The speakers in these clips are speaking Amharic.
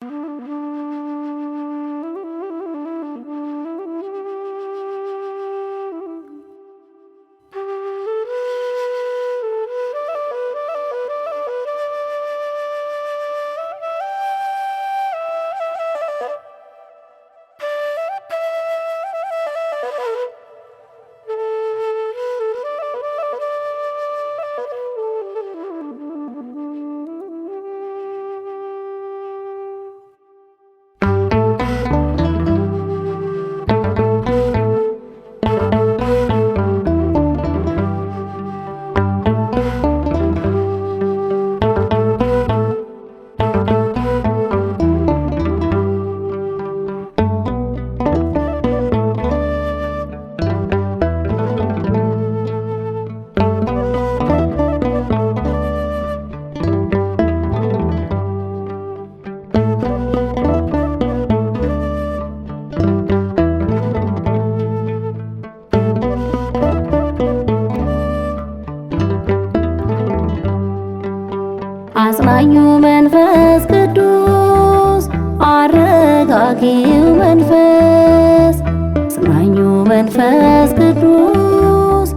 Música መንፈስ ቅዱስ አረጋጊው መንፈስ ጽናኙ መንፈስ ቅዱስ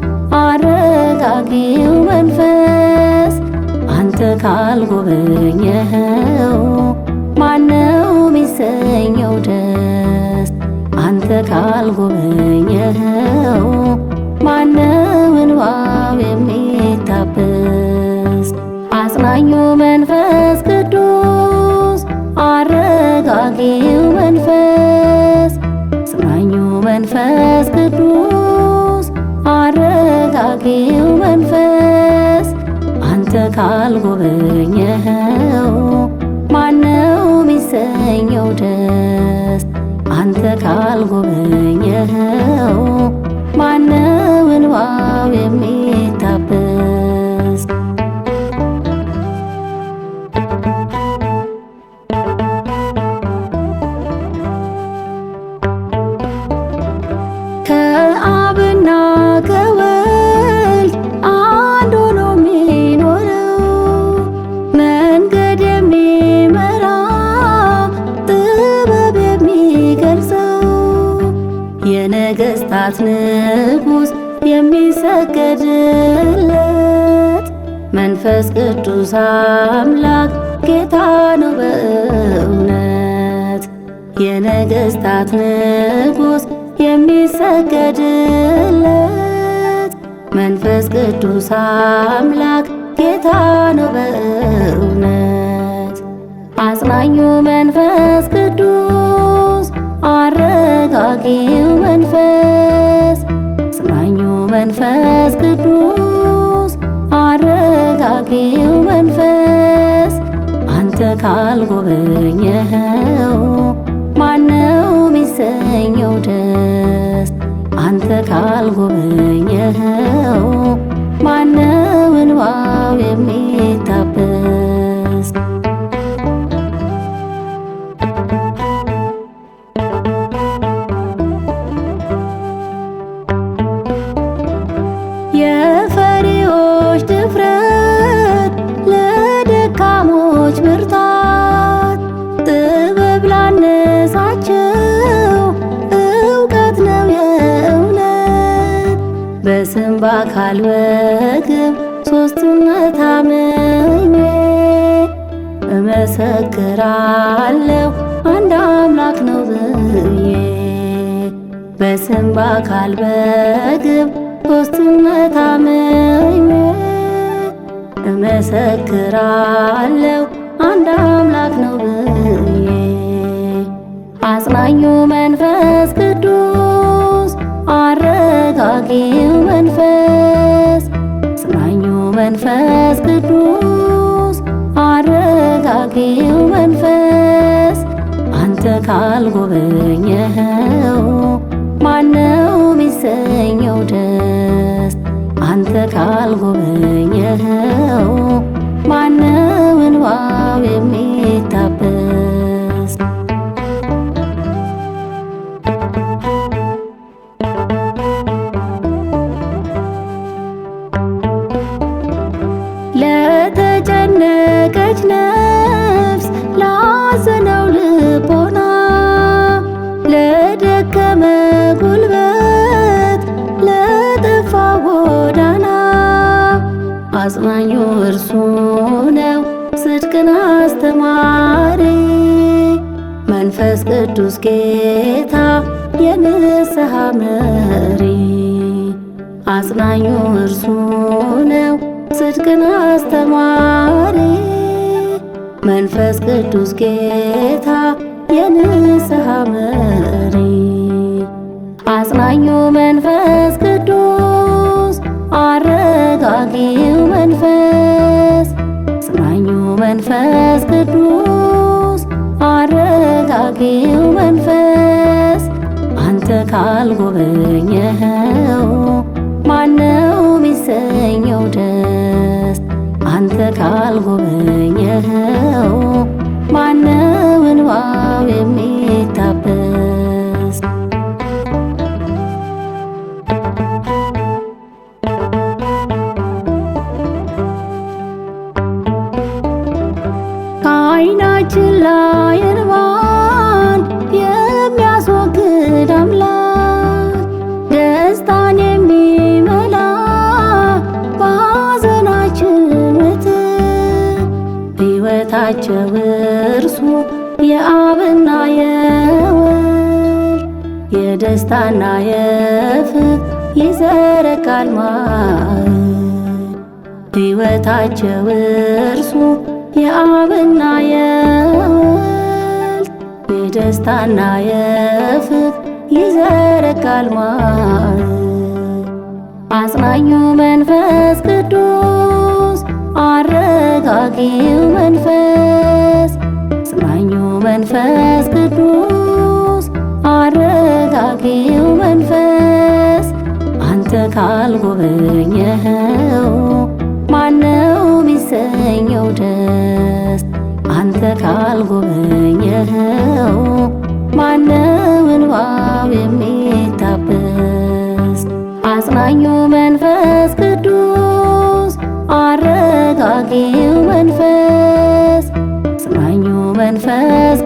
አረጋጊው መንፈስ አንተ ካልጎበኘኸው ማነው ሚሰኘው ደስ አንተ ካልጎበኘኸው ጠባቂው መንፈስ ጽናኙ መንፈስ ቅዱስ አረጋጊው መንፈስ አንተ ካልጎበኘኸው ማነው ሚሰኘው ደስ አንተ ካልጎበኘ ሰገድለት መንፈስ ቅዱስ አምላክ ጌታ ነው በእውነት የነገስታት ንጉስ የሚሰገድለት መንፈስ ቅዱስ አምላክ ጌታ ነው በእውነት አጽናኙ መንፈስ መንፈስ ቅዱስ አረጋጊው መንፈስ አንተ ካልጎበኘኸው ማነው ሚሰኘው ደስ አንተ ካልጎበኘኸው አካል በግብ ሶስትነት አምኜ እመሰክራለሁ አንድ አምላክ ነው ብዬ በስም በአካል በግብ ሶስትነት አምኜ እመሰክራለሁ አንድ አምላክ ነው ብዬ አጽናኙ መንፈስ ቅዱስ አረጋጊ መንፈስ ቅዱስ አረጋጊው መንፈስ አንተ ካልጎበኘኸው ማነው ሚሰኘው ደስ አንተ ካልጎበኘኸው ለደከመ ጉልበት ለጠፋ ጎዳና አጽናኙ እርሱ ነው ጽድቅን አስተማሪ መንፈስ ቅዱስ ጌታ የንስሐ መሪ አጽናኙ እርሱ ነው ጽድቅን አስተማሪ መንፈስ ቅዱስ ጌታ የንስሐ መሪ አጽናኙ መንፈስ ቅዱስ አረጋጊው መንፈስ አጽናኙ መንፈስ ቅዱስ አረጋጊው መንፈስ አንተ ካልጎበኘኸው ማነው ቢሰኘው ደስ አንተ ካልጎበኘኸው ማነው እንባው የሚ የደስታና የፍት ይዘረጋል ማር ሕይወታቸው እርሱ የአብና የወልድ የደስታና የፍት ይዘረጋል ማር አጽናኙ መንፈስ ቅዱስ አረጋጊው መንፈስ አጽናኙ መንፈስ ቅዱስ ካልጎበኘኸው ማነው ሚሰኘው ደስ አንተ ካልጎበኘኸው ማነው እንባው የሚታበስ አጽናኙ መንፈስ ቅዱስ አረጋጊው መንፈስ አጽናኙ መንፈስ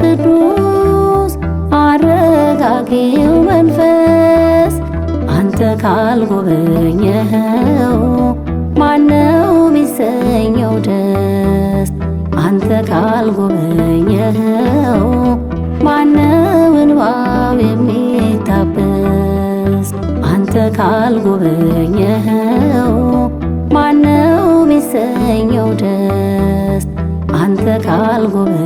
ካልጎበኘኸው ማነው ቢሰኘው ደስ አንተ ካልጎበኘኸው ማነው እንባብ የሚታበስ አንተ ካልጎበኘኸው ማነው ቢሰኘው ደስ አንተ ካልጎበ